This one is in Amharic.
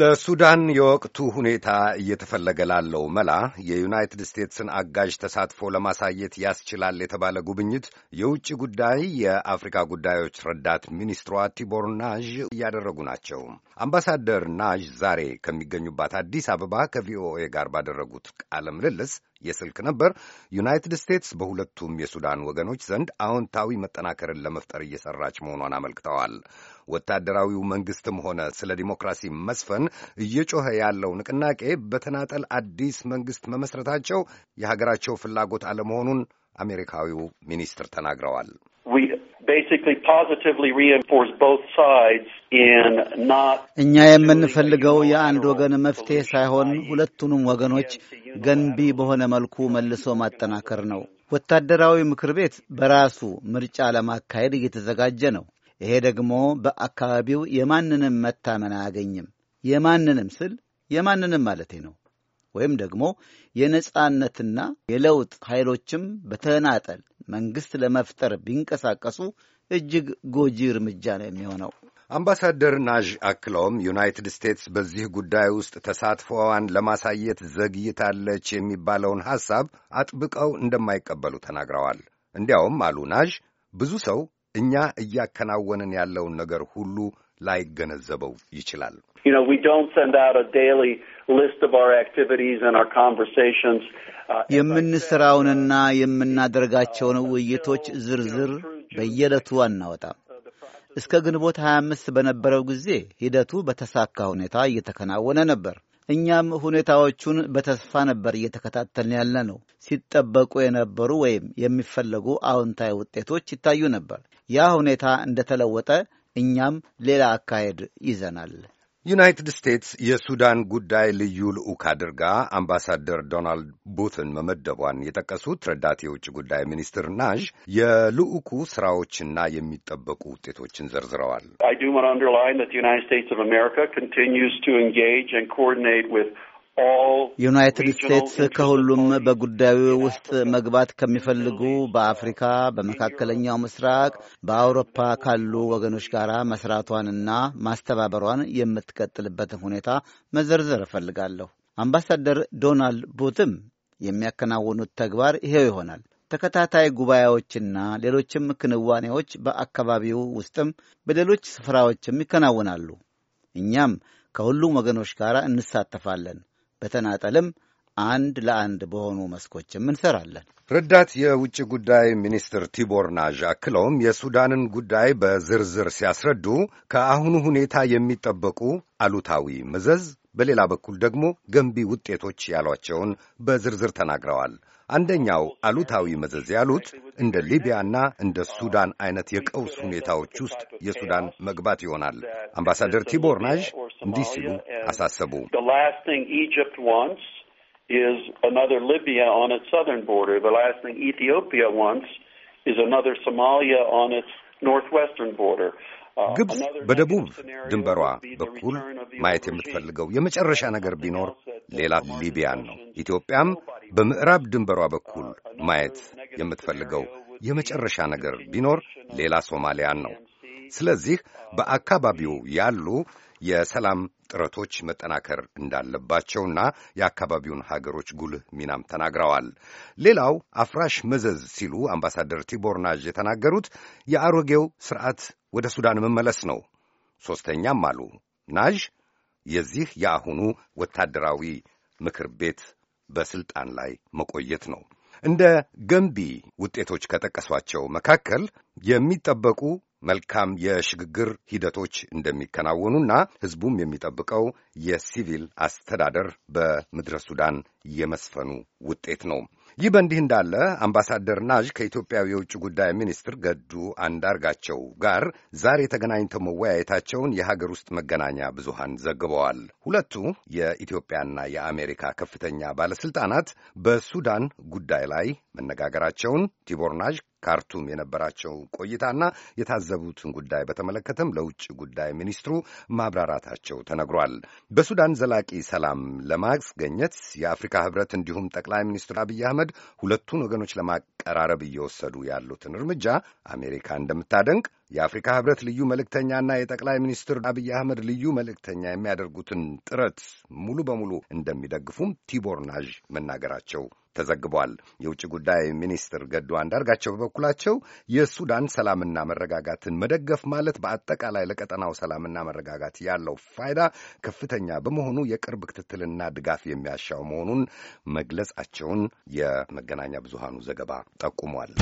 ለሱዳን የወቅቱ ሁኔታ እየተፈለገ ላለው መላ የዩናይትድ ስቴትስን አጋዥ ተሳትፎ ለማሳየት ያስችላል የተባለ ጉብኝት የውጭ ጉዳይ የአፍሪካ ጉዳዮች ረዳት ሚኒስትሯ ቲቦር ናዥ እያደረጉ ናቸው። አምባሳደር ናዥ ዛሬ ከሚገኙባት አዲስ አበባ ከቪኦኤ ጋር ባደረጉት ቃለ ምልልስ የስልክ ነበር። ዩናይትድ ስቴትስ በሁለቱም የሱዳን ወገኖች ዘንድ አዎንታዊ መጠናከርን ለመፍጠር እየሰራች መሆኗን አመልክተዋል። ወታደራዊው መንግስትም ሆነ ስለ ዲሞክራሲ መስፈን እየጮኸ ያለው ንቅናቄ በተናጠል አዲስ መንግስት መመስረታቸው የሀገራቸው ፍላጎት አለመሆኑን አሜሪካዊው ሚኒስትር ተናግረዋል። እኛ የምንፈልገው የአንድ ወገን መፍትሄ ሳይሆን ሁለቱንም ወገኖች ገንቢ በሆነ መልኩ መልሶ ማጠናከር ነው። ወታደራዊ ምክር ቤት በራሱ ምርጫ ለማካሄድ እየተዘጋጀ ነው። ይሄ ደግሞ በአካባቢው የማንንም መታመን አያገኝም። የማንንም ስል የማንንም ማለቴ ነው። ወይም ደግሞ የነጻነትና የለውጥ ኃይሎችም በተናጠል መንግሥት ለመፍጠር ቢንቀሳቀሱ እጅግ ጎጂ እርምጃ ነው የሚሆነው። አምባሳደር ናዥ አክለውም ዩናይትድ ስቴትስ በዚህ ጉዳይ ውስጥ ተሳትፎዋን ለማሳየት ዘግይታለች የሚባለውን ሐሳብ አጥብቀው እንደማይቀበሉ ተናግረዋል። እንዲያውም አሉ ናዥ ብዙ ሰው እኛ እያከናወንን ያለውን ነገር ሁሉ ላይገነዘበው ይችላል። uh, የምንስራውንና የምናደርጋቸውን ውይይቶች ዝርዝር በየዕለቱ አናወጣም። እስከ ግንቦት 25 በነበረው ጊዜ ሂደቱ በተሳካ ሁኔታ እየተከናወነ ነበር። እኛም ሁኔታዎቹን በተስፋ ነበር እየተከታተልን ያለ ነው። ሲጠበቁ የነበሩ ወይም የሚፈለጉ አዎንታዊ ውጤቶች ይታዩ ነበር። ያ ሁኔታ እንደተለወጠ እኛም ሌላ አካሄድ ይዘናል። ዩናይትድ ስቴትስ የሱዳን ጉዳይ ልዩ ልዑክ አድርጋ አምባሳደር ዶናልድ ቡትን መመደቧን የጠቀሱት ረዳት የውጭ ጉዳይ ሚኒስትር ናዥ የልዑኩ ስራዎችና የሚጠበቁ ውጤቶችን ዘርዝረዋል። ዩናይትድ ስቴትስ ከሁሉም በጉዳዩ ውስጥ መግባት ከሚፈልጉ በአፍሪካ፣ በመካከለኛው ምስራቅ፣ በአውሮፓ ካሉ ወገኖች ጋር መስራቷንና ማስተባበሯን የምትቀጥልበትን ሁኔታ መዘርዘር እፈልጋለሁ። አምባሳደር ዶናልድ ቡትም የሚያከናውኑት ተግባር ይሄው ይሆናል። ተከታታይ ጉባኤዎችና ሌሎችም ክንዋኔዎች በአካባቢው ውስጥም በሌሎች ስፍራዎችም ይከናውናሉ። እኛም ከሁሉም ወገኖች ጋር እንሳተፋለን። በተናጠልም አንድ ለአንድ በሆኑ መስኮችም እንሰራለን። ረዳት የውጭ ጉዳይ ሚኒስትር ቲቦር ናዥ አክለውም የሱዳንን ጉዳይ በዝርዝር ሲያስረዱ ከአሁኑ ሁኔታ የሚጠበቁ አሉታዊ መዘዝ፣ በሌላ በኩል ደግሞ ገንቢ ውጤቶች ያሏቸውን በዝርዝር ተናግረዋል። አንደኛው አሉታዊ መዘዝ ያሉት እንደ ሊቢያና እንደ ሱዳን አይነት የቀውስ ሁኔታዎች ውስጥ የሱዳን መግባት ይሆናል። አምባሳደር ቲቦር ናዥ እንዲህ ሲሉ አሳሰቡ is another Libya on its southern border. The last thing Ethiopia wants is another Somalia on its northwestern border. Uh, ግብፅ በደቡብ ድንበሯ በኩል uh, ማየት የምትፈልገው የመጨረሻ ነገር ቢኖር ሌላ ሊቢያን ነው። ኢትዮጵያም በምዕራብ ድንበሯ በኩል ማየት የምትፈልገው የመጨረሻ ነገር ቢኖር ሌላ ሶማሊያን ነው። ስለዚህ uh, በአካባቢው ያሉ የሰላም ጥረቶች መጠናከር እንዳለባቸውና የአካባቢውን ሀገሮች ጉልህ ሚናም ተናግረዋል። ሌላው አፍራሽ መዘዝ ሲሉ አምባሳደር ቲቦር ናዥ የተናገሩት የአሮጌው ስርዓት ወደ ሱዳን መመለስ ነው። ሦስተኛም አሉ ናዥ የዚህ የአሁኑ ወታደራዊ ምክር ቤት በስልጣን ላይ መቆየት ነው። እንደ ገንቢ ውጤቶች ከጠቀሷቸው መካከል የሚጠበቁ መልካም የሽግግር ሂደቶች እንደሚከናወኑና ሕዝቡም የሚጠብቀው የሲቪል አስተዳደር በምድረ ሱዳን የመስፈኑ ውጤት ነው። ይህ በእንዲህ እንዳለ አምባሳደር ናዥ ከኢትዮጵያ የውጭ ጉዳይ ሚኒስትር ገዱ አንዳርጋቸው ጋር ዛሬ ተገናኝተው መወያየታቸውን የሀገር ውስጥ መገናኛ ብዙሃን ዘግበዋል። ሁለቱ የኢትዮጵያና የአሜሪካ ከፍተኛ ባለስልጣናት በሱዳን ጉዳይ ላይ መነጋገራቸውን ቲቦር ናዥ ካርቱም የነበራቸው ቆይታና የታዘቡትን ጉዳይ በተመለከተም ለውጭ ጉዳይ ሚኒስትሩ ማብራራታቸው ተነግሯል። በሱዳን ዘላቂ ሰላም ለማስገኘት የአፍሪካ ህብረት እንዲሁም ጠቅላይ ሚኒስትር አብይ አህመድ ሁለቱን ወገኖች ለማቀራረብ እየወሰዱ ያሉትን እርምጃ አሜሪካ እንደምታደንቅ የአፍሪካ ህብረት ልዩ መልእክተኛና የጠቅላይ ሚኒስትር አብይ አህመድ ልዩ መልእክተኛ የሚያደርጉትን ጥረት ሙሉ በሙሉ እንደሚደግፉም ቲቦር ናዥ መናገራቸው ተዘግቧል። የውጭ ጉዳይ ሚኒስትር ገዱ አንዳርጋቸው በበኩላቸው የሱዳን ሰላምና መረጋጋትን መደገፍ ማለት በአጠቃላይ ለቀጠናው ሰላምና መረጋጋት ያለው ፋይዳ ከፍተኛ በመሆኑ የቅርብ ክትትልና ድጋፍ የሚያሻው መሆኑን መግለጻቸውን የመገናኛ ብዙሃኑ ዘገባ ጠቁሟል።